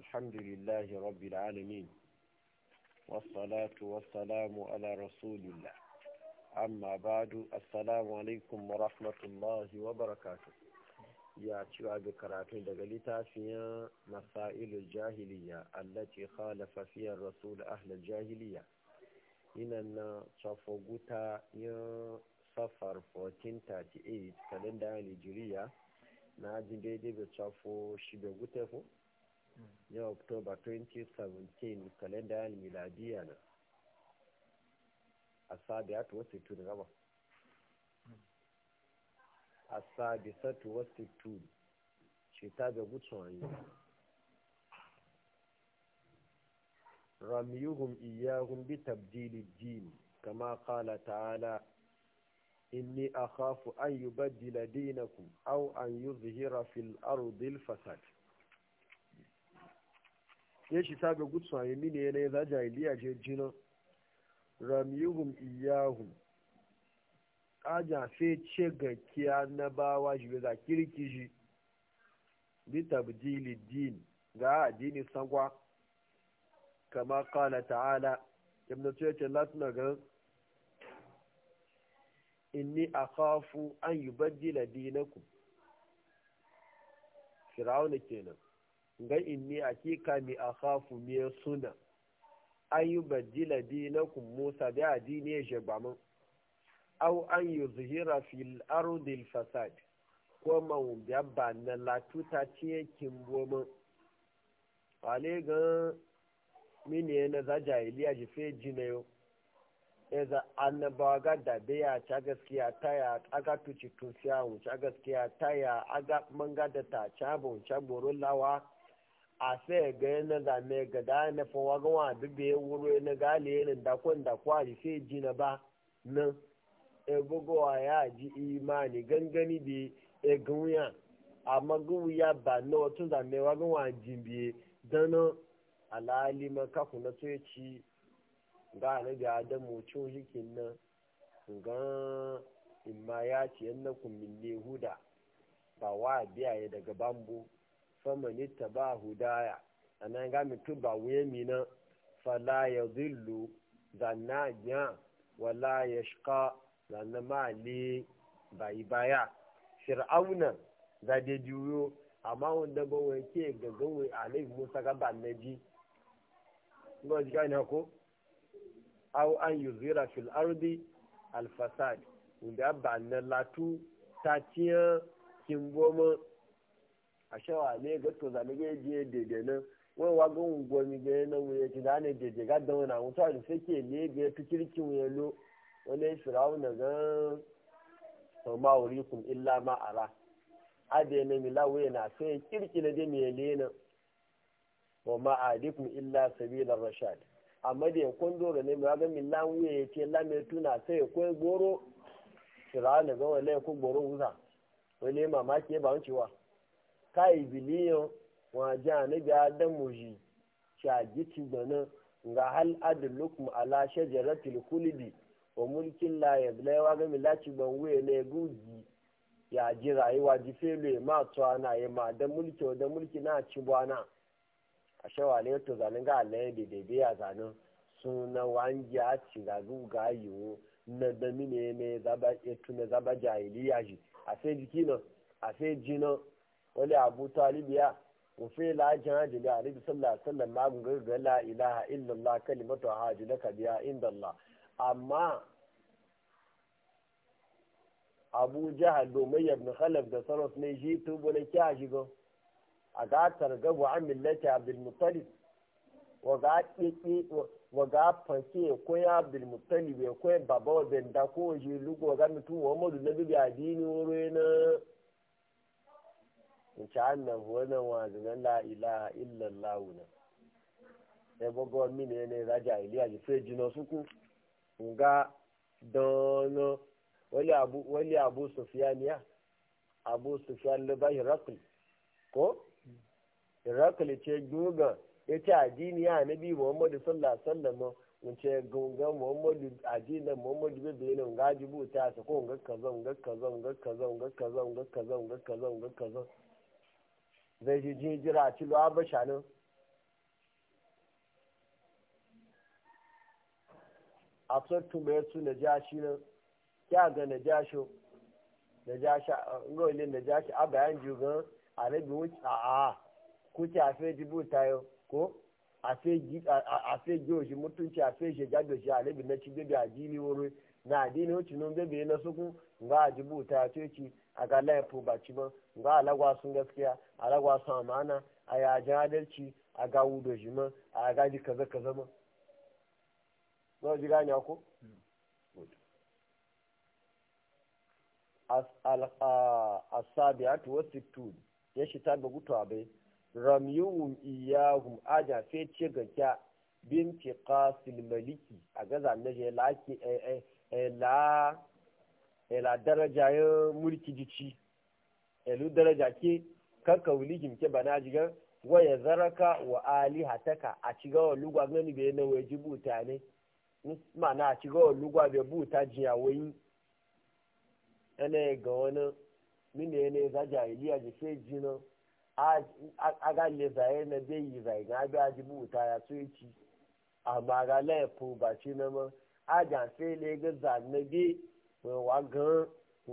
الحمد لله رب العالمين والصلاة والسلام على رسول الله أما بعد السلام عليكم ورحمة الله وبركاته يا cewa ga karatun daga littafin masailul jahiliya allati khalafa fiya rasul ahlul jahiliya inan na tsafoguta yin safar 1438 kalenda nigeria na jin daidai da tsafo shi da gutefo yau october 2017 kalenda ya miladiya na A asabiyatu wasu tu daga ba asabisatu wasu tu ta ga gutsun hanyu ramiyuhun iyahum bi tabdili din kama qala ta'ala inni akhafu an yubaddila dinakum aw an yuzhira fil ardi al fasad ya shi ta ga gutsu a yi ne yanayi za jahiliya je jina ramihun iyahun aja fe ce ga kiya na bawa shi za kirki shi bi tabdili din ga addini sangwa kama kala ta'ala ibn tuyace latina ga inni kafu an yi yubaddila dinakun fir'auna kenan ga inni akika mi akhafu mi suna an yi dinakum musa da addini ya shagbamin au an yi zuhira ardi al fasad ko man yabba na latuta ce kimbomin wale gan mini na za jahiliya ji fe jina yau e annabawa ga da ya ta gaskiya ta ya aga tuci tufiya wuce gaskiya ta ya aga manga da ta ca ba wuce lawa a sai ga yana ga mai ga da na fawa ga wa duk wuro ga gale ne da kwan da kwari sai ji na ba nan e bugowa ya ji imani gangani bi e gunya amma ya ba na wato da mai wa ga wa jimbiye dan alali ma ka kuna to ya ci ga na ga adamu cin hikin nan ga imma ya ci yannakum min huda ba wa biya daga bambu famani ba hudaya a nan ga mutu ba wuye mina fala ya zillu zanna ya wala ya shika zanna mali bayi baya fir'auna za da juyo amma wanda ba wai ke ga wai alaihi musa ga ba na ji ba ji ko au an yuzira fil ardi al fasad wanda ba latu ta tiya kin goma a shawa ne ga to zane ga je dede nan wai wa ga ungo mi ga nan mu yace da ne dede ga da wannan mutu da sake ne ga fikirkin wuya lo wani firawun da ga ma wurikum illa ma ara ade ne mi lawe na sai kirkina de mi yelena wa ma adikum illa sabila rashad amma da kun dole ne mu ga min lawe yace lame tuna sai ko goro firawun da ga wala ko goro wuza wani mamaki ba wancewa kai biliyan waje anabi adamu ji shagi tigbanin ga hal adullukum ala shajaratil kulidi wa mulkin la yabla ya ga milaci ban wuye ne gugi ya ji rayuwa ji felo ya matuwa na ya ma da mulki wa da mulki na ci bwana a shawale ya to zanen ga Allah ya daidai ya zanen suna wangi a ci ga guga yiwu na da mine ne zaba ya tuna zaba a sai jiki nan a sai ji wani abu talib ya la lajin hajji da alibi sallallahu sallam na gargar la ilaha illallah kalimatu hajji na kabiya inda Allah amma abu jahal domin yabin khalaf da saros ne shi tubo na kya shiga a ga targabu an millata abdulmutalib wa ga ƙiƙi wa ga fanke ko ya abdulmutalib ya ko baba wa benda ko shi lugo ga mutum wa madu na bibi adini wuri na nci annan wannan wazinan la ilaha illallah na ya gbogbo mini ne raja iliya ji fe jina suku nga dono wali abu sofia abu abu sufyan le rakli ko rakli ce gugan yace addini ya nabi muhammadu sallallahu alaihi wasallam mun ce gungan muhammadu addini muhammadu bai bayyana nga jibuta ta ko nga kaza nga kaza nga kaza nga kaza nga kaza nga kaza nga kaza zai ji jijira a cilo abu shanu a tsottu tumbe su na jashi nan ya ga na shi na jasha ngolin na jashi a bayan jugan a rabi wuce a a kuce a fe ta yau ko a fe giyoshi mutunci a fe shiga da shi a rabi na ci bebe a jini wuri na adini wuce nun bebe na suku ga jibuta ce ci a ga laifin baci ma ga alagwa sun gaskiya alagwa sun amana a ya ji adalci a ga wudo shi ma a ga ji kaza kaza ma ba ji gani ko hmm. asabiatu wasittun ya shi ta ga gutuwa bai ramiyun iyahu aja fe ce ga kya binti qasil maliki a gaza na je laki eh, eh, eh, la ila daraja ya mulki jici elu daraja ke kanka wuligim ke bana jiga wa zaraka wa alihataka a ciga wa lugwa gani bai na wai buta ne mana a ciga wa lugwa bai buta jiya ga wani za jahiliya ji sai jina a ga le zaye na bai yi zai na bai ji buta ya so amma ga laifin ba ci na ma a ga zanne bai wa gan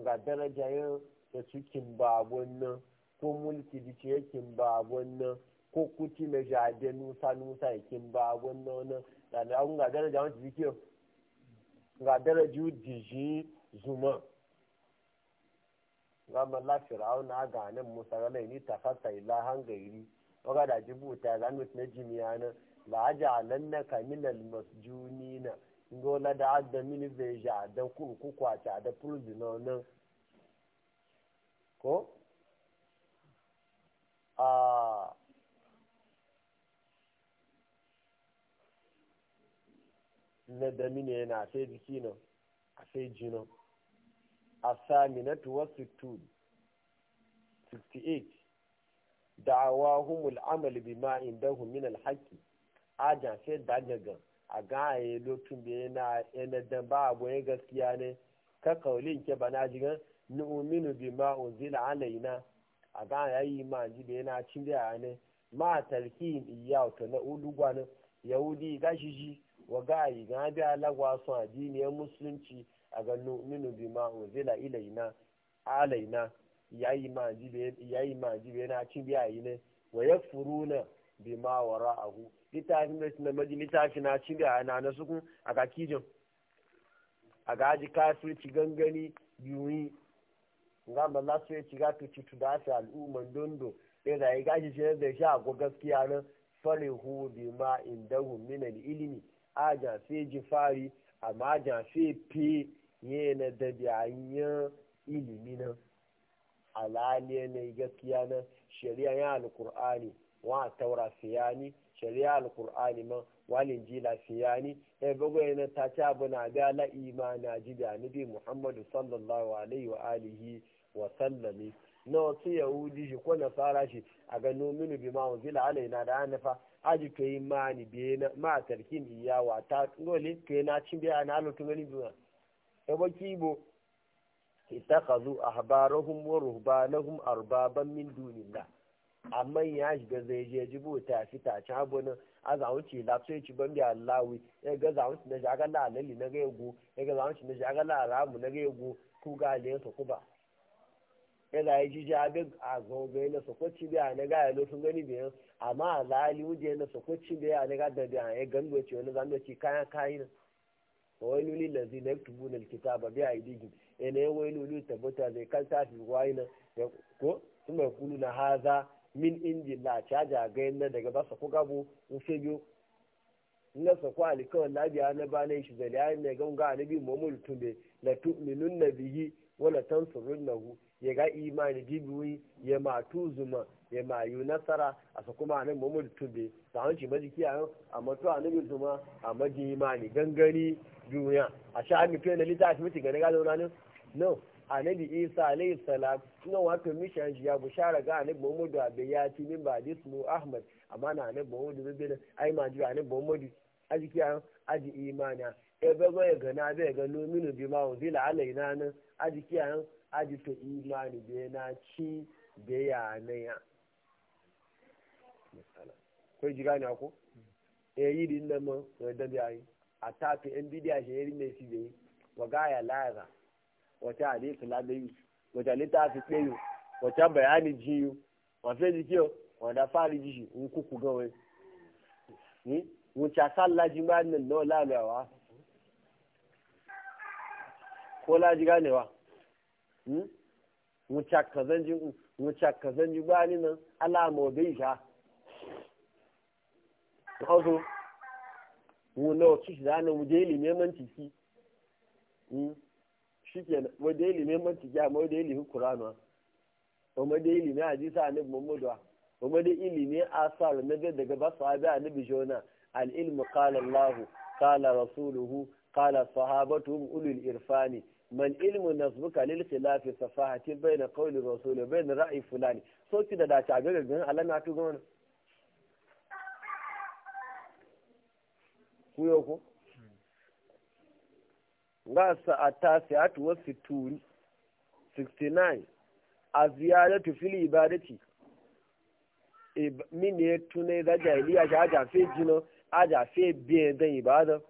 ga daraja yin da su ba wannan ko mulki ke ya ba wannan ko kuti na jade nusa nusa ya ba wannan wannan da da an ga daraja wani dike ga daraja diji zuma ga malla fir'auna ga nan musa ga ni tafasa ilahan gairi ga da jibuta ga mutum na jimiya nan la aja lannaka minal masjunina dole da adda mini beja ja da kurkuku a ca da na nan ko a na da mini yana e sai jiki nan a sai jino a sami na tuwa 68 awa humul amal bima indahum min a ajan sai dagagan a gaye lokacin da yana yana dan ba abu gaskiya ne ka kaulin ke bana jigan bi ma unzila alaina a ga yayi ma ji da yana cin da ne ma talkin iya to na ulugwa gwanin yahudi gashi shi wa gayi ga bi alagwa su addiniyar musulunci a ga bi ma unzila ilaina alaina yayi ma ji yayi ma ji da yana cin da yayi ne wa yakfuruna ma wara ahu littafin da na maji littafi na ci da na na sukun a kakijin a gaji kafirci gangani yuyi nga ma su sai ci gatu ci tu da ta al'umman dondo da da ga ji ce da sha ko gaskiya na hu bi bima indahu min al-ilmi aja sai ji fari amma ja sai fi na da biyayen ilimi na alaliya ne gaskiya na shari'a ya alkur'ani. wa taura siyani shari'a alkur'ani ma walin jila siyani e bago yana e ta ci abu na ga la imana ji da nabi muhammadu sallallahu alaihi wa alihi wa sallami na wasu yahudi shi ko nasara shi a gano minu bi ma zila alaina da anafa aji to yi ma biye na ma tarkin wa ta ngole ke na cin biya na alutun gani biya e ba kibo ittakhadhu ahbarahum wa ruhbanahum arbaban min dunillah amma ya shiga zai je jibo ta fi ta ci abuwa a zaunci ci ci ban biya lawi ya ga zaunci na shi aga lalli na ga ya ga zaunci na shi aga ramu na ga ko ku ga aliyan su kuba ya da yi jiji abin a zawon gani na sokoci biya na ga yalo gani biyan amma a lali wuje na sokoci biya na ga da biya ya gando ce wani zando ce kayan kayan na wani lulli lazi na yaktubu na kitaba biya a digi ya na yi wani lulli tabbata zai kan fi wayi na ko kuma kulu na haza min inji la caja ga na daga ba su kuga bu in sai biyu na su kwa alikawar labiya na ba na shi zali ayin mai ganga a nabi muhammadu tumbe la tu'minun na bihi wala tansurun na hu ya ga imani bibiwi ya ma tuzuma ya ma yi nasara a su kuma a nan muhammadu tumbe ta hanci majiki a yau a matu a nabi zuma a maji imani gangani duniya a sha'ar fiye na littafi mutu ga na gado ranar no annabi isa alayhi salam ina wa permission ya bushara ga annabi muhammadu abe ya ci min ba dismu ahmad amma na annabi muhammadu zai bi ai ma ji annabi muhammadu aji kiya aji imana e ya gana ba ya ga nominu bi ma wa zila alaina nan aji aji na ci be ya na ya ko ji e yi din nan da bi ai a tafi a shi ne si be wa ga ya laza wata hadisi ladayi wata fi tsayo wata bayani jiyo wafe jikiyo wanda fari jishi in kuku gawai wuce ji ma nan nawa lalawa ko laji ganewa wuta kazan ji wuta kazan ji ni nan alama bai sha hauso wuna wacce shi zanen wuje ilimin mantiki shi ke wadda ilimin mantiki amma wadda ilimin kuranu kuma da ilimin hadisa annabi muhammadu kuma da ilimin asar na biyar daga ba sahabi annabi jona al ilm qala allah qala rasuluhu qala sahabatuhum ulul irfani man ilmu nasbuka lil khilafi safahati bayna qawli rasul wa bayna ra'yi fulani so ki da dace a ga gangan Allah na tu gona ku ga sa'ata sa'atu wa situni 69 a ziyaratu fil ibadati min ne tunai da jahiliya shi aja fe jino aja fe biyan dan ibada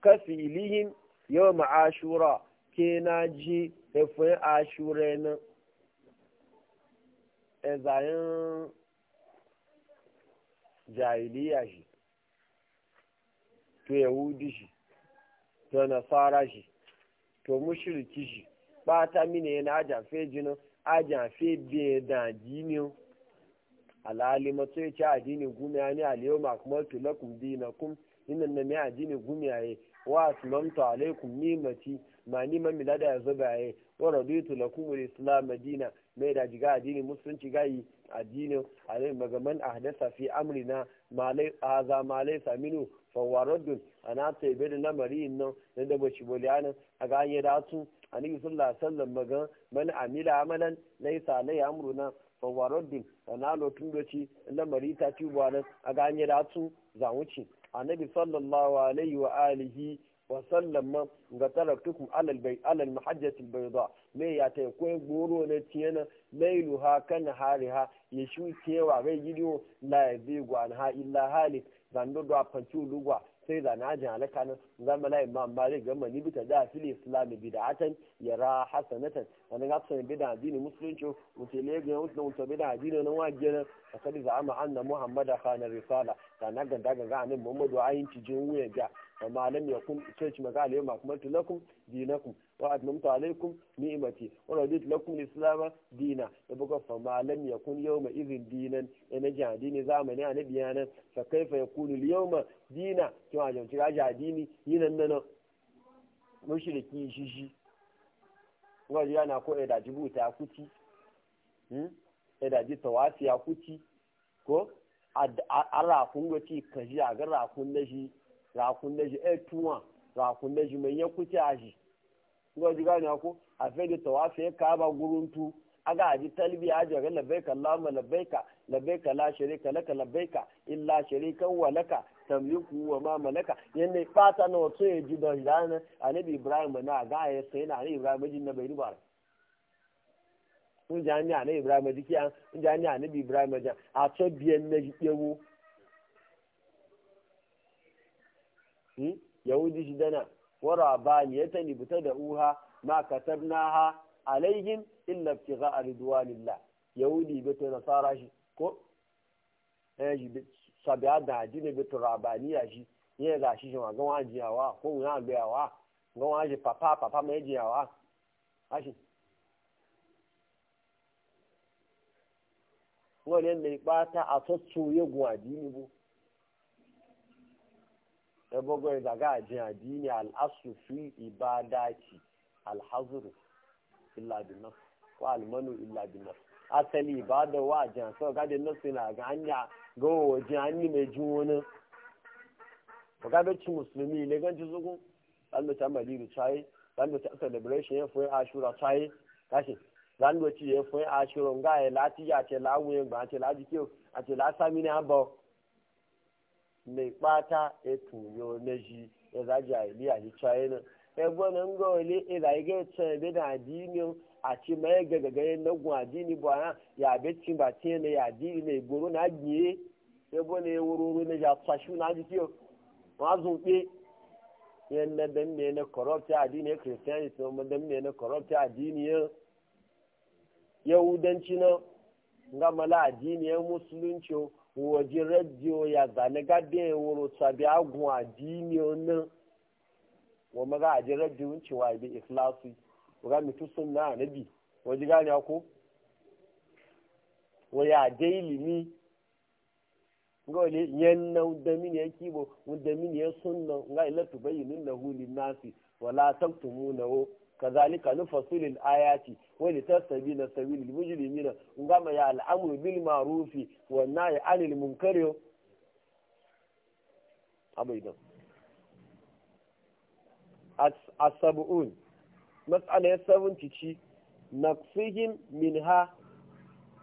kafi ilihin yau ashura ke na ji efin ashura na ezayin jahiliya shi to yahudi shi to nasara shi to mushriki shi bata mine yana aja fe jino aja fe be da jini alali mato ya ci adini gumiya ne aliyu makamaltu lakum dinakum inna na mai adini gumiya ye wa aslamtu alaikum nimati ma ni man milada ya zuba yi wa raditu lakum al-islam madina mai da jiga addini musulunci gayi addinin alai magaman a hadasa fi amrina malai aza malai saminu a na ta ibe da lamari nan na da bashi boliyana a ga hanyar datu a sallallahu sun wasallam magan man amila amalan na yi laysa alai amruna a na lotun doci na mari ta ci bwana a ga hanyar datu zawuci annabi sallallahu alaihi wa alihi wasallam ma ga taraktukum alal mahajjati albayda me ya ta ko goro ne tiyana ha, kan hariha ya shu cewa gai gidiyo la bi gwan ha illa halik zando do afanci lugwa sai da na jin alaka nan zama la imam malik gama ni bita da fil atan ya yara hasanatan wani ga sun bid'a addini musulunci mutele ga wasu da bid'a addini nan wajena akadi za ama anna muhammada kana risala kana ga daga ga anin muhammadu ayin cijin wuya ga amma lam yakun sai ma ma kuma lakum dinakum wa adnamtu alaykum ni'mati wa raditu lakum al-islam dina da buga fa ma lam yakun yawma idhin dinan ina ja dini zamani annabi yana fa kaifa yakunu al-yawma dina ki ma jamci ga ja dini yinan nan mushriki shishi wa ya na ko da jibuta kuti hmm da ji tawasiya kuti ko ala kun gwaci kaji a ga rakun na rakun da shi etuwa rakun mai ya kuce a ga ji a fe da tawafi ya guruntu aga aji talbiya aji ga labbaika lamu ka labbaika la sharika laka labbaika illa shirika wa laka tamliku wa ma malaka yanne fata na wato e ya ji don dana annabi ibrahim na ga e e ya sai na annabi ibrahim jin na bai riba kun jami'a na ibrahim kun ibrahim a biyan na Hmm? yahudi shi dana wara ba ni ya tani buta da uha ma katar naha alaihim illa fi za a ridwanillah yahudi bata nasara shi ko ɗaya eh, shi sabi da addini bata rabaniya shi yẹn ga ṣiṣẹ́ shi gan wá jìyà wá fóun náà gbé yà wá gan wá ṣe pàpà pàpà mẹ́ jìyà wá á ṣe. wọ́n lè lè pa ta àtọ́tù yegun àdínníbó. ebogo ya zaga a jin addini al'asu fi ibadati alhazuru illa bin ko almanu illa bin asali ibada wa a jin so gadin nafs na ga hanya ga wajen hannu mai jin wani ko ga bacci musulmi ne ganci zugu dan mutum maliru tsaye dan mutum celebration ya fuyi ashura tsaye kashi dan mutum ya fuyi ashura ga ya lati ya ce lawo ya ba ce lati kiyo a ce la sami ne abba mai ɓata ya tuyo na ji ya ali a ili a jica yana na nga ole ila ige tsan ebe na adini a ci ma ege gaga gaya na gun adini bu ana ya be ci ba ti na ya adini na igboro na gbiye ebe na ewururu na ya tsashi na jiki ma zun pe yan na dan ne na corrupt adini ya christianity ma dan ne na corrupt adini ya yahudanci na ngamala mala adini ya musulunci waje radio ya zane gabe wuro sabi agun addini wannan wa maga aje radio wuce wa bi ikhlasi wa mitu sunna anabi waje gane ko wa ya je ilimi ngole yanna udamini ya kibo udamini ya sunna ngai la tubayyinu lahu linnasi wala كذلك نفصل الآيات ولتستبين سبيل المجرمين وقام يا الأمر بالمعروف والنهي عن المنكر أبيضا السبعون مسألة السبعون تشي نقصهم منها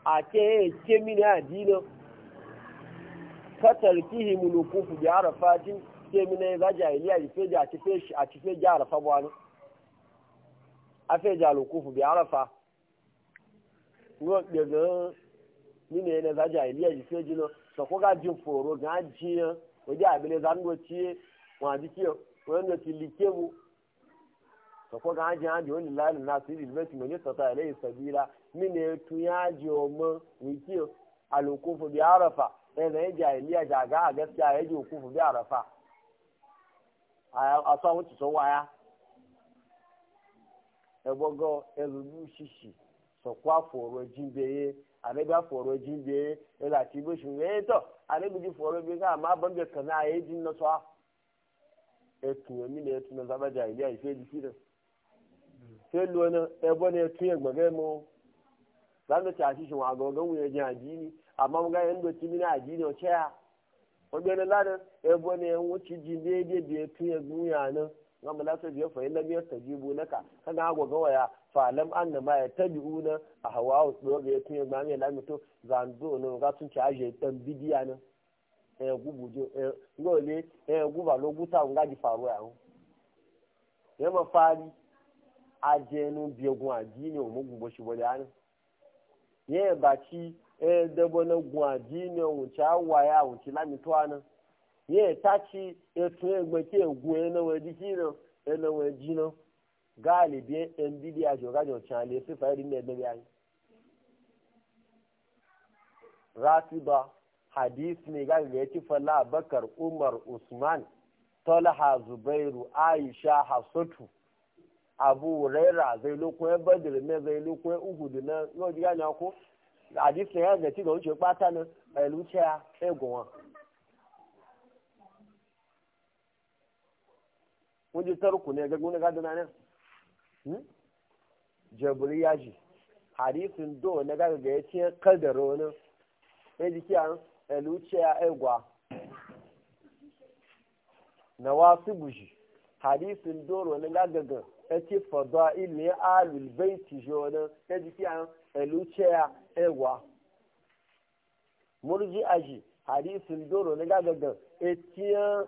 أكيه كمنها دينا فتركهم الوقوف بعرفات كمنها إذا جاهلية يفجع أتفجع أكفيش عرفة بوانا afeji alukufu bi arafa ngo daga mine ne za jahiliya ji feji no so ko ga ji foro ga jiya waje abile za ngo ciye wa ji ciye wanda ti like so ga ji ajo ni la na si ri be mo ni so ta ile sabila mine tu ya ji o mo ni alukufu bi arafa ne ne ji bi arafa a waya ebogo elulu shishi sokwa foro jimbeye anabi aforo jimbeye ila ti bo shun e to anabi ji foro bi ka ma ban be kana e jin na so etu mi na etu na zabaja ile ife di kire se lo na ebo na etu ya gbege mo lando ti asisi wa agogo wu ji, jin ajini amma mo ga en do ti mi na ajini o che a o na lada ebo na enwo ti jimbe de etu ya gun ya na ga mu lasa biyo fa illam yastajibu laka kana hago ga waya fa lam anna ma yatabiuna a hawa do ga yatun ya mami la mito zando no ga tun ci aje dan bidiya na e eh, gubujo e eh, ngole e guba lo guta nga di faru ya ho ye ma fari aje nu biegun adini o mu gubo shi bole ani ye ba ci e debo na gun adini o cha waya o ci la mito ana ye tachi etu egbe e e e, ti egwu enawe diki no enawe ji no galibi ndidi ajo gajo chale si fa ri nne bi ayi ratiba hadis ne ga ga ci fala bakar umar usman talha zubairu aisha hafsatu abu raira zai lokun badr ne zai lokun uhud na no ji ga na ko hadis ne ga ci ga wuce pata na elucha kun ji tarku ne ga gona gadana nan hmm? jabiri ya ji hadisin do na ga ga ya ce kadaro wani ya ji kiyan eluciya egwa na wasu bushi hadisin doro na gaga ga ya ce fadwa ilmi alul baiti shi wani ya ji kiyan eluciya egwa murji aji hadisin doro na gaga ga ya ce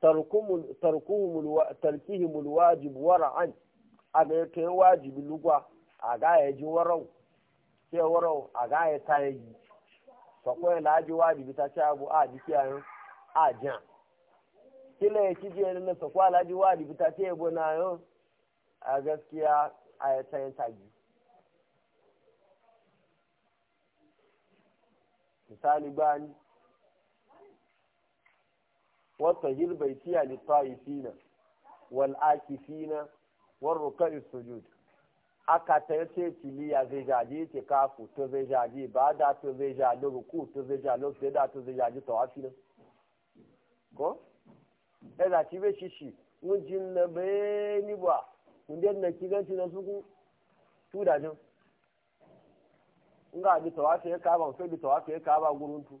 tarkihim alwajib wara'an aga ya kai wajibi lugwa aga ya ji warau ke warau aga ya ta yi sakwai laji wajibi ta ci abu a jiki a a jan kila ya kije ne na sakwa laji wajibi ta ce yabo na yau a gaskiya a ya ta yi ta yi misali bani والطهير بيتي للطائفين والآكفين والركع السجود aka ta yace kiliya zai jaji ke kafu to zai سيدا ba da كو zai jaji شيشي to zai بوا sai da to zai jaji ko ci ba nga bi tawafi ya ka ka ba gurun tu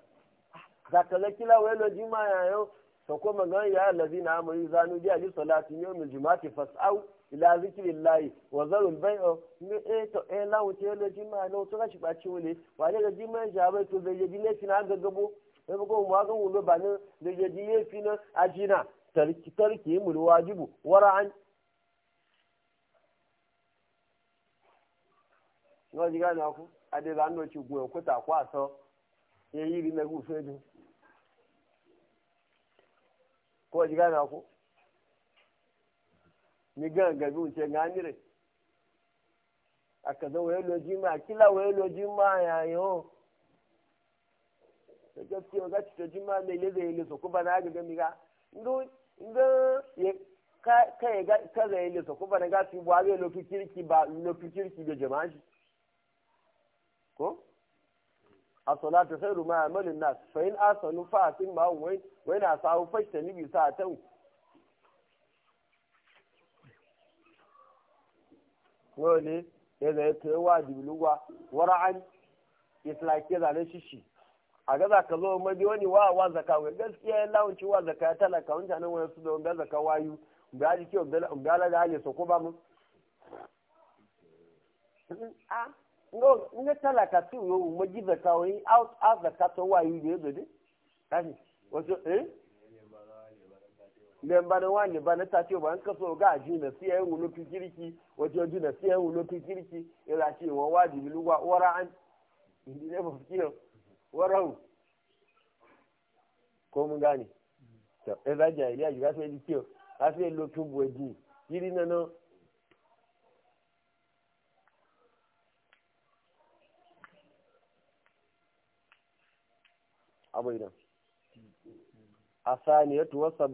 zakale kila welo juma yayo to ko magan ya allazina amanu zanu bi ali salati yawmil jumati fas'au ila zikrillahi wa zarul bai'u ni e to e la wuce lo juma no to ka shi baci wole wa ne ga juma ja bai to da yaji ne fina ga gabo sai ko mu ga wulo ba ne da yaji ne fina ajina tarki tarki mul wajibu wara'an ngo jiga na ku ade zanu ci guyo e ko ta kwa so ye yiri na gu fedu ko ji na ku ni gan gabi wuce gani re aka zo wayo loji ma kila wayo loji ma ya yo da gaskiya ga ci loji ma ne leza yi lesa ko ba na ga mi ga ndo ndo ye ka ka ga ka ga yi lesa ko ba na ga ci bwa ga lo ba lo kirki ga jama'a ko as-salatu khairu ma amalun nas fa in asanu fa asim ma wa wa ina sa'u fashta ni bi sa'atan wole ya da ta kai wa dibluwa wara'an islaki da ne shishi a gaza ka zo ma mabi wani wa wa zaka wai gaskiya ya launci wa zaka ya talaka wanda nan wani su da wanda zaka wayu ba ji kiyo da da ale so ba mu a ah, no ne talaka ti wo mo ji zaka wo out out yi ne gode kashi wato eh ne ba wa ne ba na tati ba ka so ga ji na wato ji na siya yin wulo fi kirki ila ce wa wara an ne ko mun e ba so ka lo tun bo yiri na no abuwa asaniyatu wa ta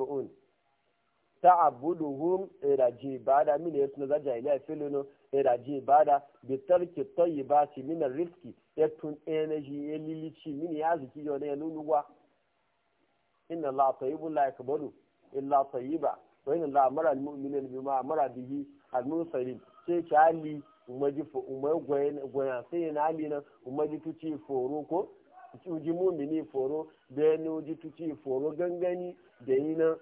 ta'buduhum iraji mini min yasna za jahiliya filino iraji ibada bi tarki tayyibati min ar-rizqi yatun energy elilici min yaziki yo ne luluwa inna allaha tayyibun la yakbalu illa ba wa inna allaha mara al-mu'minina bima mara bihi al-mursalin sai ki ali umaji umar sai yana ali na umaji tuci foro ko uji mumini foro bayani uji tuci foro gangani da yi nan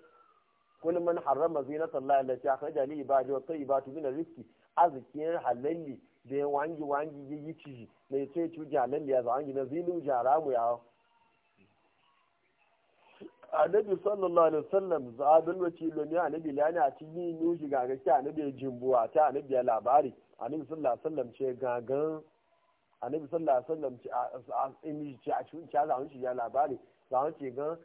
kullum man harrama zinat Allah allati akhraja li ibadi wa tayyibati min rizqi azkiyar halalli da wangi wangi ya yi ciji na ya ce cuji halalli ya zangi na zinu jaramu ya annabi sallallahu alaihi wasallam zabin wace lomi annabi lani a cikin nuji gaga ki annabi jimbuwa ta annabi labari annabi sallallahu alaihi wasallam ce gagan annabi sallallahu alaihi wasallam ci a ci a cikin ci a zaun ci ya labari zaun ci gan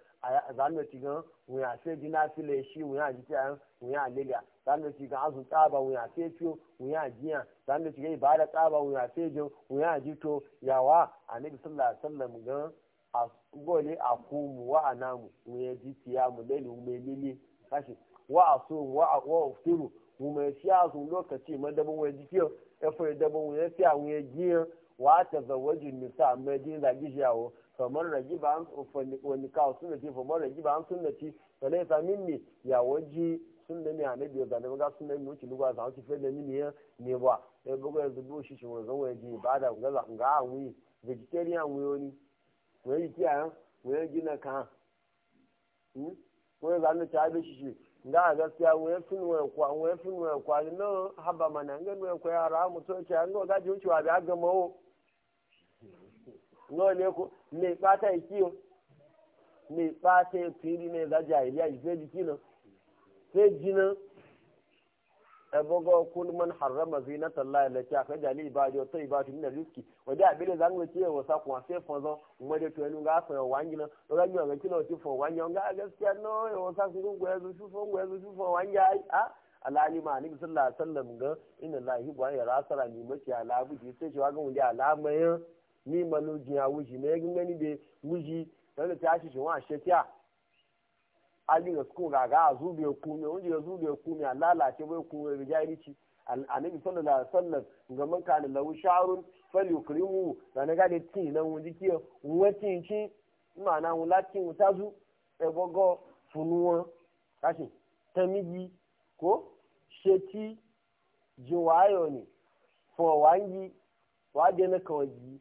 zaun ci gan wuya sai dina file shi wuya ji ta yan wuya liga zaun ci gan azun tsaba wuya sai fiyo wuya ya zaun ci gan ibada tsaba wuya sai jin wuya ji to yawa annabi sallallahu alaihi wasallam gan a gole a mu wa anamu wuya ji tiya mu lele mu lele kashi wa a so wa a wa uftiru mu mai siya sun lokaci madabin wuya ji fiyo ya fa dabin wuya siya ya. ji wa ta zawajin nisa amma jin zagi shawo kamar ragi ba wani kawo sunnati kamar ragi ba an sunnati sanai sami minni ya waji sunna ne anabi ya zane ga sunna ne wuce lugwa za su fere mini ya ne ba ya eh, bugu ya zubo shi shi wani waje ba da ga za ga an wi vegetarian wi wani wani gina wani zane ta shi shi nga gaskiya wani fin wani kwa wani fin wani kwa ni haba mana wani kwa mutum ce an ga gaji lọ́ọ̀lẹ́ kó lè pátá ìkí o lè pátá kiri ní ìdájà ìlú àyíṣẹ́ di kí náà ṣé jiná ẹ̀bọ́gọ́ kúlùmọ́n haram àti iná tàlá ẹ̀lẹ́kí àfẹ́jà ní ìbájú ọ̀tọ́ ìbájú àbílẹ̀ zanwó tí sakùn tó ẹnu lọ́gá kí náà ti fọ̀ wáńjì ọ̀gá gẹ́sìkẹ́ náà sakùn alalima inna lahi ya ni alabu ji sai shi wa alamayin ni malu jiya wuji me gani be wuji dan ta shi shi wa shetiya ali ga sku ga ga zube ku ne wanda ya zube ku ne lalace bai ku ne yi ci. annabi sallallahu alaihi wasallam ga man kana lahu sha'run falyukrimu da na ga gade tin nan wuji kiyo wati ci ma'ana wulatin wutazu e bogo funuwa kashi tamiji ko sheti jiwayo ne fowangi wa dena kawaji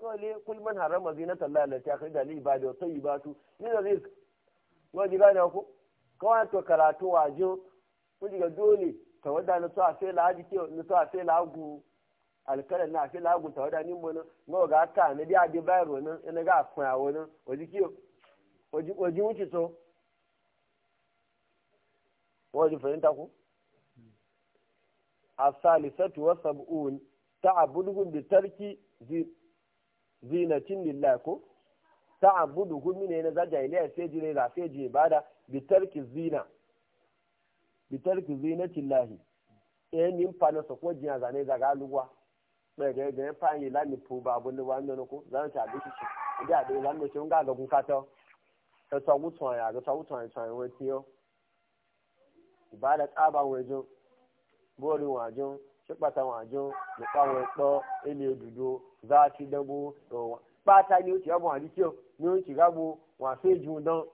gole kul man harama zinata Allah allati akhrija lil ibadi wa tayyibatu min rizq wa diga na ku kawai to karatu wajo ku diga dole tawadda na sa sai la haji ke na sa sai la gu na sai la gu ni na ga ka ne dia di na ina ga wuce so waji fahimta ku zinatin lillahi ko ta ta'abudu gumi ne na za ya sai jire da sai je bada bitarki zina bitarki zinatin lahi eh min fa na sako jiya zane da galuwa bai ga ga fa yi lami pu ba bu ni wannan ko zan ta bi shi da da zan mu tun ga ga kun kata ta tsawu tsan ya ga tsawu tsan tsan wa tiyo ibada tsaba wajo borin wajo shibata wajo mu kawo to ile dudo za a dabo to pata ni ta ti wuce ali ti o ni wuce ti gabo wa fe ju dan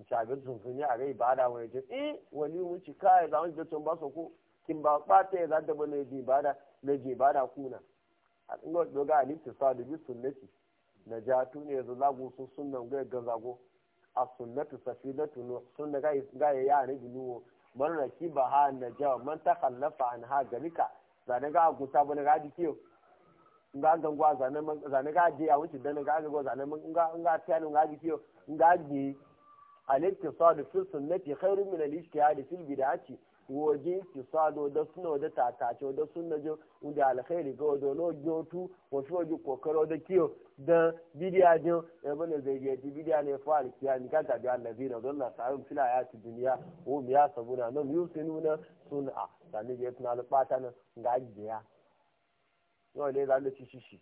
nti abi a fun ni wani ibada won je eh wani mu ti za a je tun ba su ko kin ba yi za dabo ne di ibada ne je da kuna ngo doga a ti sa de bi sunnati najatu ne zo lagu sun sunnan ga ga zago a sunnatu safinatu nu sunna ga ga ya ne biluwo man ba ha najawa man kallafa an ha garika zane ga gusa bane ga dikiyo nga gangwa zane man zane ga je a wuce dan ga gwa zane nga nga tiyani nga ji kiyo nga ji al-iktisad fi sunnati khairun min al-ijtihad fi bid'ati waje iktisado da suna da tatace da sunna jo da alkhairi go do no jotu so waje kokaro da kiyo da bid'a jo ya bane zai je ji bid'a ne fa alkiya ni kanta bi allazi na dalla sa'um fil ayati dunya wa miya sabuna nan yusinuna sun'a sanin ya tana alfata nan ga ajiya na ne za shishi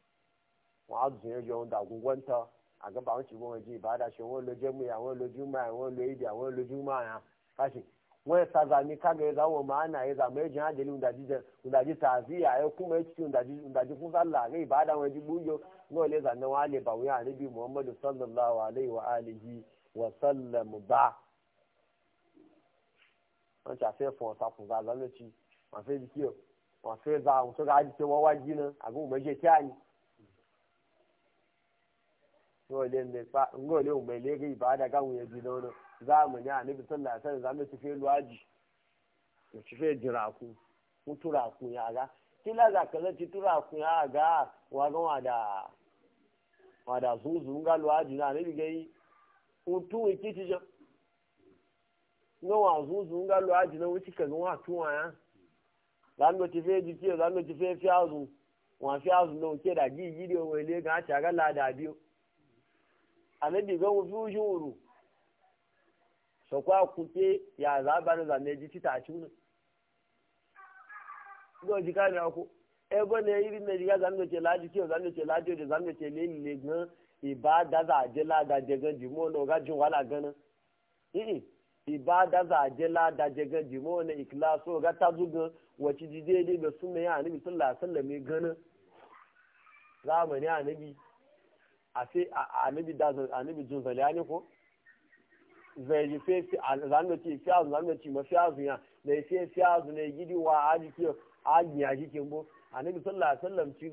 wọn azu dùn ẹjọ ń da gbogbo ń tọ àgbàbà waje ti wọn ojú wani ṣe wọn lójú mu yà wọn ya mu yà wọn lójú ìdí yà wọn lójú mu yà káṣí wọn ṣàzà ní kága ẹ̀zá wọn máa nà ẹ̀zá mọ ẹ̀jẹ̀ àjẹlẹ̀ ǹdàjì ǹdàjì tààzí yà ẹkún mọ ẹtì ǹdàjì ǹdàjì fún sálà àrẹ ìbáda wọn ti gbúyọ wọn muhammadu sallallahu wa alihi wa sallam bá wọn ti àfẹ́ fún ọ̀sàkùnzà lọ́lọ́tì wọn fẹ́ wato ya zawo to ga aji ce wawa jina a ga umar je ni dole ne fa ngole umar le ga na ga wuya wani zamani a na sallallahu alaihi na zamu tafi luwaji ya tafi jira ku mu ya ga kila za ka ya ga wa ga zuzu ga na nabi ga ikiti e je zuzu na wuci ka ga wa ya lango ti fe di tiyo lango ti fe fiyazu wa fiyazu no ke da gi gi de wele ga ta ga la da biyo ale bi go fu juru so kwa ku te ya za ba na ne di ti ta chu no go di ka na ko e go ne yiri ne di ga zan no ke la di tiyo zan no ke la di de zan no ke le ni le gan iba da za je la da je gan di mo no ga ju wala gan na yi ibada za je la da je gan di mo ne ikla so ga ta ju gan wace ji daidai da sunna ya annabi sallallahu alaihi wasallam ya gana zamani a sai annabi da annabi jin zaliya ko zai ji ma fiyazu ya da ya fiye fiyazu ne gidi wa aji ke aji ya jikin bo annabi sallallahu alaihi wasallam ci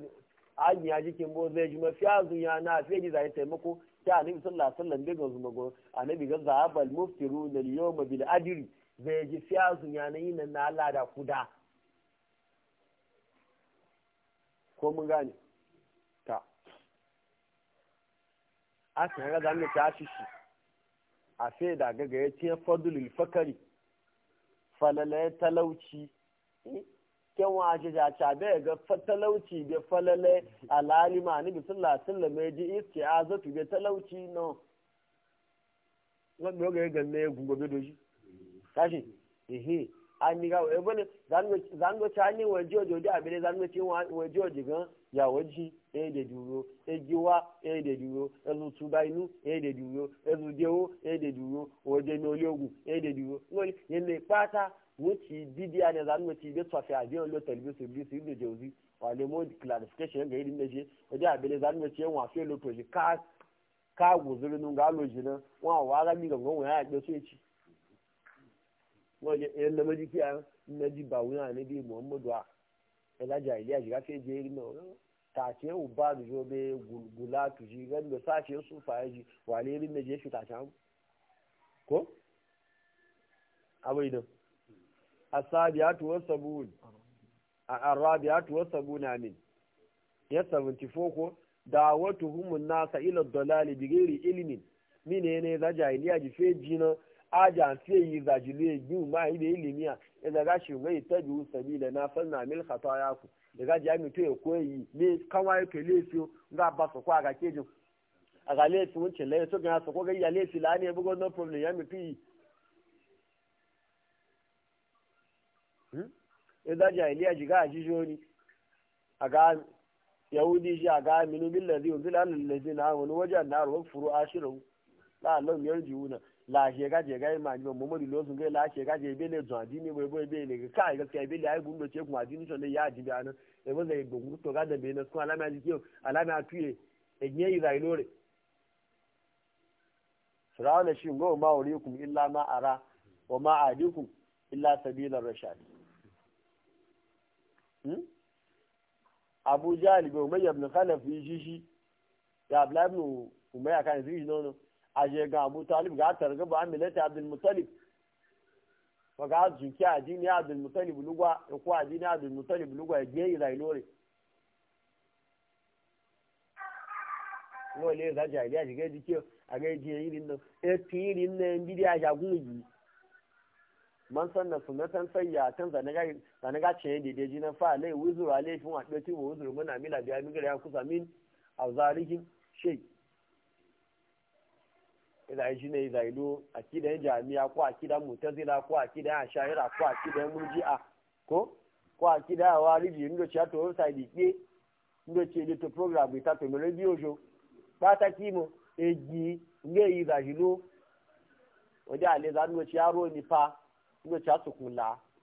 aji ya jikin bo zai ji ma azu ya na fi ji zai taimako ta annabi sallallahu alaihi wasallam bai zuma go annabi ga zahabal muftiru da yawma bil ajri zai ji azu ya na yin na Allah kuda ko mun gane ta a kan ga zamu ta shi a sai da gaga ya ce fadlul fakari falalai talauci eh, kyan waje da cabe ga talauci da falalai ma ni bi sallallahu alaihi wasallam ya ji istiazatu bi talauci no wanda ga ganne gugobe doji kashi ehe aniga e bone zango zango chani waji ojo de abele zango ti waji ojo gan ya waji e de duro e jiwa e de duro e lu tuba inu e de duro e lu dewo e de duro oje no logun e de duro ngoli yele pata wuci bidiya ne zango ti be tsofi adiyo lo television bi si de jozi wale mo clarification ga irin da je oje abele zango ti e wa fe lo toji ka ka guzuru nu ga lo jina wa wa ga mi ga ngon wa ya gbe so echi wọ́n yẹn lọ́mọ di kí a nàjí bàwí náà níbi muhammadu a ẹ̀lájà ilé àjìká fẹ́ jẹ́ irin náà tàṣẹ ò bá àdúgbò bẹ gùlà tùjì rẹ́gbẹ̀ sáṣẹ sùn fàájì wà ní irin méje fi tàṣà ń kó àwọn ìdàn asáàbì àtúwọ́ sàbùn àràbì àtúwọ́ sàbùn àmì yẹ sàbùntì fókó dàwọ́ tuhumun nasa ilẹ̀ dọ̀lá lè bìgẹ́rì ilimin mí ne ajan sai yi zajile biyu ma yi da ilimiya ya zaga shi mai ta biyu sabila na fanna mil khata ya ku da gaji ya mutu ya koyi ne kama ya ke lefi ga ba su kwa ga kejin a ga lefi wuncin ya so gina su ko gayya lefi la ne bugo no problem ya mutu yi hmm? ya zaji ya iliya jiga a jijo ni a ga yahudi shi a ga aminu billazi wa bilalun lazi na wani wajen na ruwan furu ashirin la'allam yarjiuna lashe gaje ga yi e mani mu mu dilo sun um ga lashe gaje be le zuwa dini mu bo be le ka ga ka be le ai bundo ce kuma dini to ne ya ji bana e bo zai go to ga da be na sun alama ji kiyo alama tuye e nye yi zai lore firawna shi go ma urikum illa ma ara wa ma adikum illa sabila rashad abu jali be umayya ibn khalaf yi shi ya abla ibn umayya kan zai nono aje ga abu talib ga targa ba milata abdul mutalib fa ga zuki adini abdul mutalib lugwa ko adini abdul mutalib lugwa je ila lore wo le ga ja ile ga e di a ga je yiri no e piri ne mbidi aja gunji man san na sunatan sayya tan zane ga zane ga ce de de jinan fa lai wuzura lai fun wa doki wuzuru muna mila biya mi gare ya kusa min awzarihim shay zai na ne zai ilu a kidan jami'a ko a kidan mutazila ko a kidan ashahira ko a kidan murji'a ko ko a kidan wariji ndo cha sai di ke ndo che di to program bi ta to me radio pata kimo eji nge yi zai ilu o ja le zan ndo ni pa ndo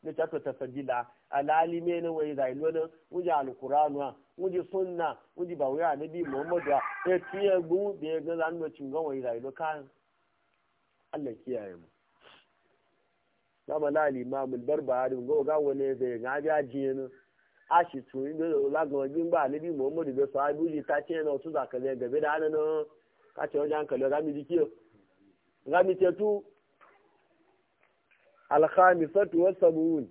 na chato tafajila alalime ne wai zai lona wuje alqur'anu wuje sunna wuje ba wuya bi muhammadu a e ya tiye gu da ya ga zanu cinga wai zai lo kan Allah kiyaye mu kama la al-imam al-barbahari go ga wani zai ga ja jin a shi to inda lagun gbin ba bi muhammadu da a ji ta ce na su zakale gabe da anan ka ce wajen kallo ga mi dikiyo ga mi tu. alhamisatu wa sabuun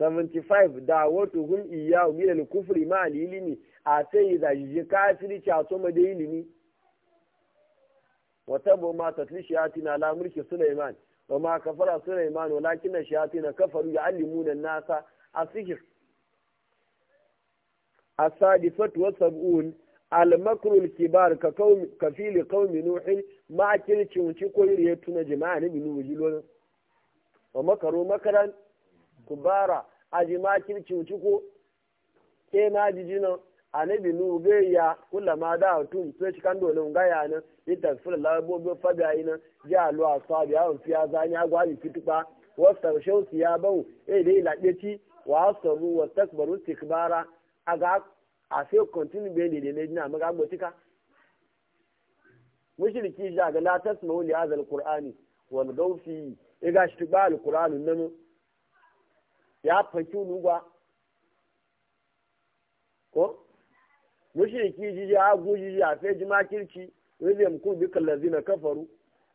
75 da wato hun iya min kufuri ma alilimi a sai da jiji kafiri ci a tsoma da ilimi wata bo ma tatli shayati na la mulki sulaiman wa ma kafara sulaiman walakin shayati na kafaru da nasa asihir asadifatu wa sab'un almakrul kibar ka kafili qaumi nuhin ma kirci wuci ko ya tuna jama'a ne binu wajilo wa makaru makaran kubara aji ma kirci wuci ko ke ma jijina anabi nu ya kula ma da tun sai shi kan dole ga ya nan ita fil labo be fada ina ja lo asabi an fiya zanya gwani fituba wasar shausi siya bau eh dai labeci wa asaru wa takbaru istikbara aga a sai continue bai daidai na jina maga gotika mushriki ja ga la tasma'u li hadha alqur'ani wal gawfi ga shi ba alqur'ani nan ya fanki lugwa ko mushriki ji a guji ji a sai jima kirki william ku bi kallazina kafaru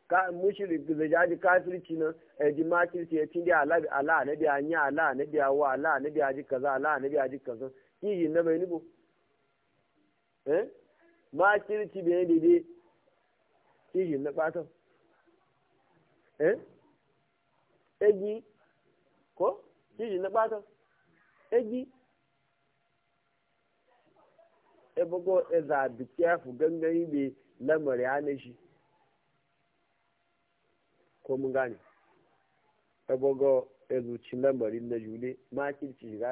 ka mushrik da jadi kafirci nan a e jima kirki ya e tinda ala ala na biya nya ala na biya wa ala na biya ji kaza ala na biya ji kaza yi na bai nibo Eh? ma kirki bai dede kishin na ɓatan eh? egi ko kishin na ɓatan egi ebugo eza bi careful gangan bai lamari hana shi ko mun gane ebugo ezuci lamari na jule ma kirki shiga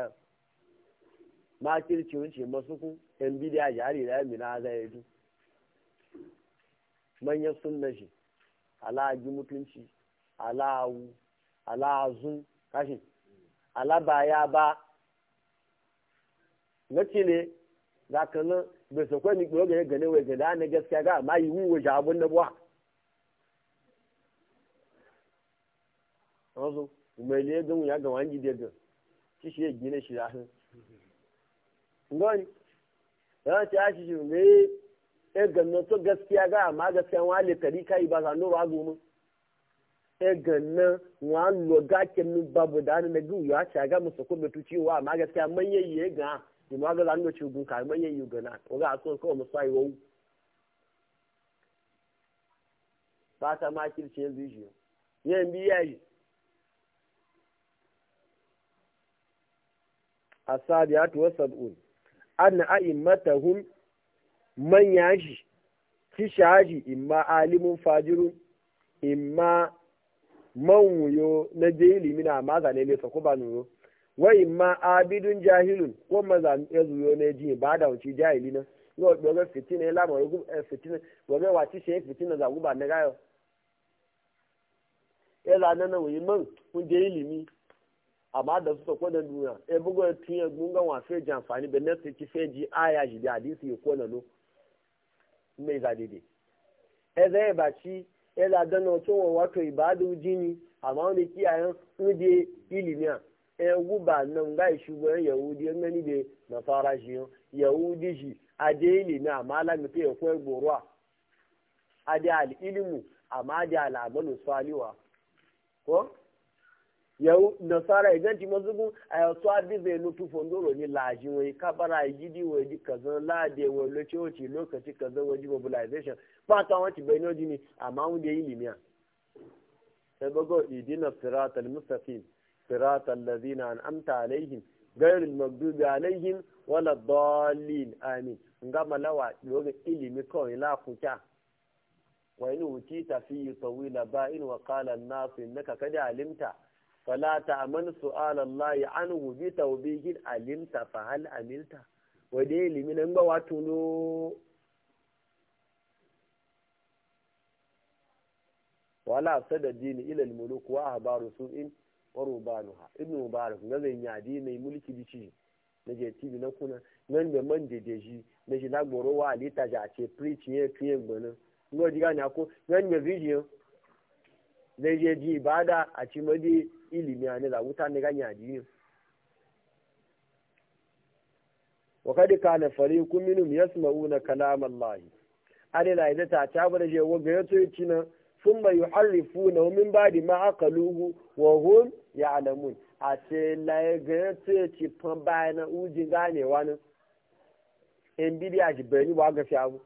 ma kirki wuce masu kun yan bidiya jari da yan mina za yi bi manyan sunna shi alaji mutunci alawu alazun kashi, alaba ya ba na cile za ka nan bai sakwai ni ɓoye ga gane wai gada na gaskiya ga ma yi wuwa abun na buwa wazo mai ne gan ya ga wani shi shi ya gina shi da hannu yawan ci ashi shi ne ya ganna to gaskiya ga amma gaskiya wa le kari kai ba sanu ba gumu ya ganna wa lo ga kin babu da na gu ya ci ga musu ko betu ci wa amma gaskiya manyan yi ga ni ma ga zanu ci gun kai manyan yi gana ko ga so ko mu sai wau ba ta ma kirce yanzu shi yan biyayi asabiatu wa sab'un anna a'immatahum man yaji kishaji imma alimun fajirun imma man wuyo na jeli mina ma zane ne sako ba nuno wa imma abidun jahilun ko maza ya zuyo na ji ba da wuce jahili na no doga fitina la mo rugu fitina doga wati she fitina za guba na gayo ela nana wuyi man kun je ilimi. amma da su sako da duniya e eh, bugo tun gunga wa fe ji amfani da nasu ki fe ji aya ji da hadisi ya kona lo mai za daidai e eh, zai ba ci e eh, da wa ibadu jini amma wani kiyayen uje ilimiya e guba nan ga shugaban yahudi de gani da nasara shi yahudi ji ade ilimiya amma la mi fe ko gboruwa ade al ilmu amma ade al amalu saliwa ko yau nasara idan ti mazugun a yau to abi zai lutu fondoro ni laji wai um kabara gidi wai um di kazan lade wai lokaci lokaci kazan wai um mobilization fata wanci bai no dini amma wanda yi limiya sai bago idina siratal mustaqim siratal an amta alaihim ghayril maghdubi alaihim wala dallin amin ngama lawa yoga ilimi kawai la wani wa in tawila ba'in wa qala an-nas kada alimta fala ta'man su'al Allah anhu bi tawbihin alimta fa hal amilta wade ilimi ba wato no wala sada dini ila almuluk wa ahbaru su'in wa rubanuha ibnu mubarak ngazai mulki bici na je tibi na kuna nan da man de deji na je na goro wa alita ja ce preach ye kiyen na ko nan zai je ji ibada a cimadi ilimi ne da wuta ne ganya biyu wa kad kana fariqun minhum yasma'una kalam Allah alila idan ta ta bada je wa gaya to yi na thumma yuharrifuna min ba'di ma aqaluhu wa hum ya'lamun a ce la gaya to yi ci fan na ujin ganewa ne in bidi a ji bayani wa ga fi abu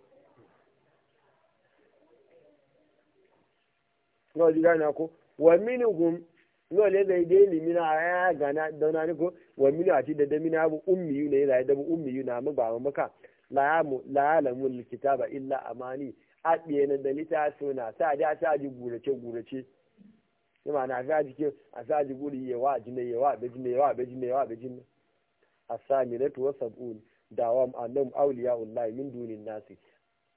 ga ji gane ko wa minhum no le zai dai limina ya gana dauna ni ko wa minu ati da da mina bu yu ne zai da bu yu na mu ba mu maka la mu la lamul kitaba illa amani a biye na da litafi na sa da ta ji gurace gurace ma na ga ji ke a sa ji guri ne ye wa be ye wa be ye wa be asami ne to sab'un dawam annam ullahi min dunin nasi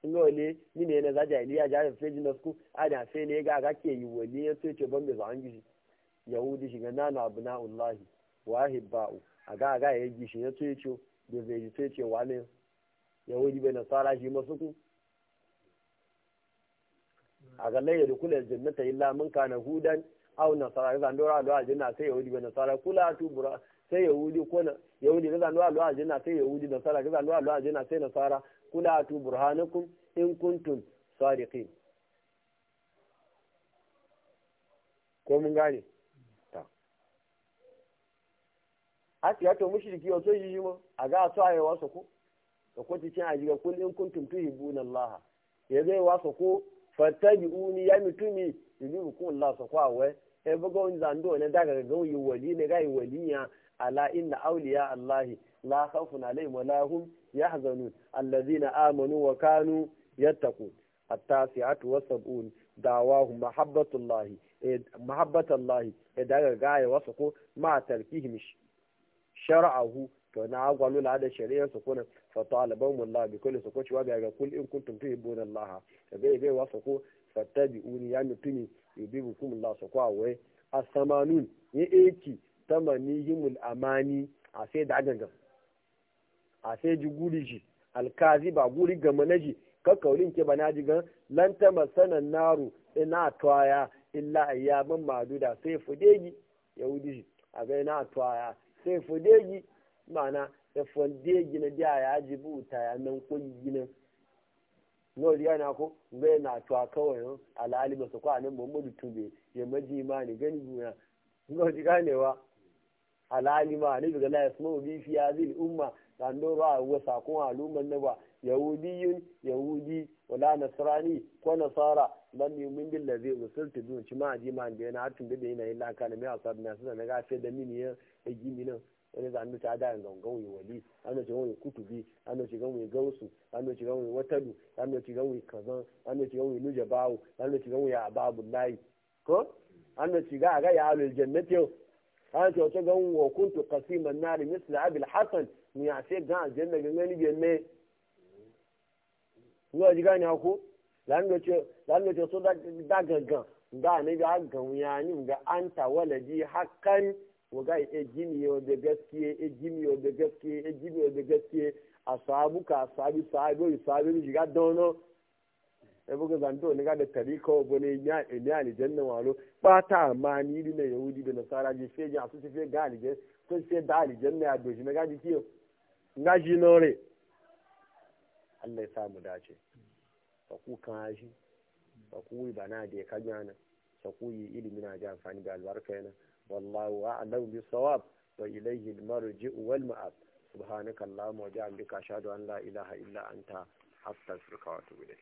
le ni ne na za jahiliya jahiliya fejin da su a da fe ne ga ga ke yi wani ya ce ban bai za an gishi yahudi shiga na na abu na ullahi wa hibba'u a ga ga ya gishi na tsoyeco da zai ji tsoyece wa ne yahudi bai nasara shi masu ku a ga laye da kula jannata illa mun na hudan au nasara ya zan dora da aljanna sai yahudi bai nasara kula bura sai yahudi ko na yahudi ga zan dora da aljanna sai yahudi nasara ga zan dora da aljanna sai nasara kula tu burhanakum in kuntum sadiqin ko mun gane ya to mushriki wato yi a ga to ayi wasu ko to ko tin a jira kullin kuntum tuhibuna allah ya zai wasu ko fatabi'uni ya mu yubikum allah so kwa we e bugo in zando ne daga ga yi wali ne ga yi waliya ala inna awliya allah la khawfun alaihim wa lahum yahzanun alladhina amanu wa kanu yattaqu at-tasi'atu wa sab'un da'wahum mahabbatullahi eh, mahabbatullahi daga ga yi wasu ko ma tarkihim shar'ahu to na agwalu la da shari'a su kuna fa talaban wallahi bi kulli su ko ciwa ga kul in kuntum tuhibbuna allaha da bai bai wasa ko fattabi'uni ya mutumi yubibukum allah su kwa wai asamanun ya eki tamanihimul amani a sai da ganga a sai ji guri ji alkazi ba guri gama na ji kakkaurin ke bana ji gan lanta masanan naru ina twaya illa ayyaban maduda sai fudegi yahudi a ga ina twaya sai fudeji ma'ana da fudeji na a ya ji buta ya nan na. nan no riya na ko bai na to kawai alali ba su kwa nan muhammadu tube ya maji imani gani guna no ji ganewa alalima ne daga la yasmu bi fi hadhihi umma dan do ba wa sakon aluman na ba yahudiyun yahudi wala nasrani ko nasara lam yu'min bil ladhi ursiltu bi ci ma ji ma da yana hatun da yana illa kana mai asar na sun na gafe da mini ya gi mini wani zanu ta da gangan wai wali an ce wai kutubi an ce gan wai gausu an ce gan wai watadu an ce gan wai kazan an ce gan wai nujabawu an ce gan wai ababullahi ko an ce ga ga ya alul jannati an ce wata gan wa kuntu qasiman nari misla abil hasan mu ya ce gan aljanna gangani bi ne ngo ji gani ko lan do ce lan do ce so da da gangan da ne ga gan ya ni ga anta walaji hakkan wa ga e jini yo da gaskiye e jini yo da gaskiye e jini yo da gaskiye asabu ka asabi sabo isabi ji ga dono ya buga zanto ne ga da tarika wa bane ya ina aljanna walo ba ta ma ni ne yahudi da nasara je feje a su ce fe ga aljanna to ce da aljanna ya doji na gaji kiyo nga ji nore Allah ya samu dace ka ku kan shi ka ku yi bana da ya kanya na ka ku yi ilimi na ji amfani da albarka yana wallahu a'lamu bisawab wa ilayhi al-marji'u wal ma'ab subhanakallahumma wa bihamdika ashhadu an la ilaha illa anta astaghfiruka wa atubu ilayk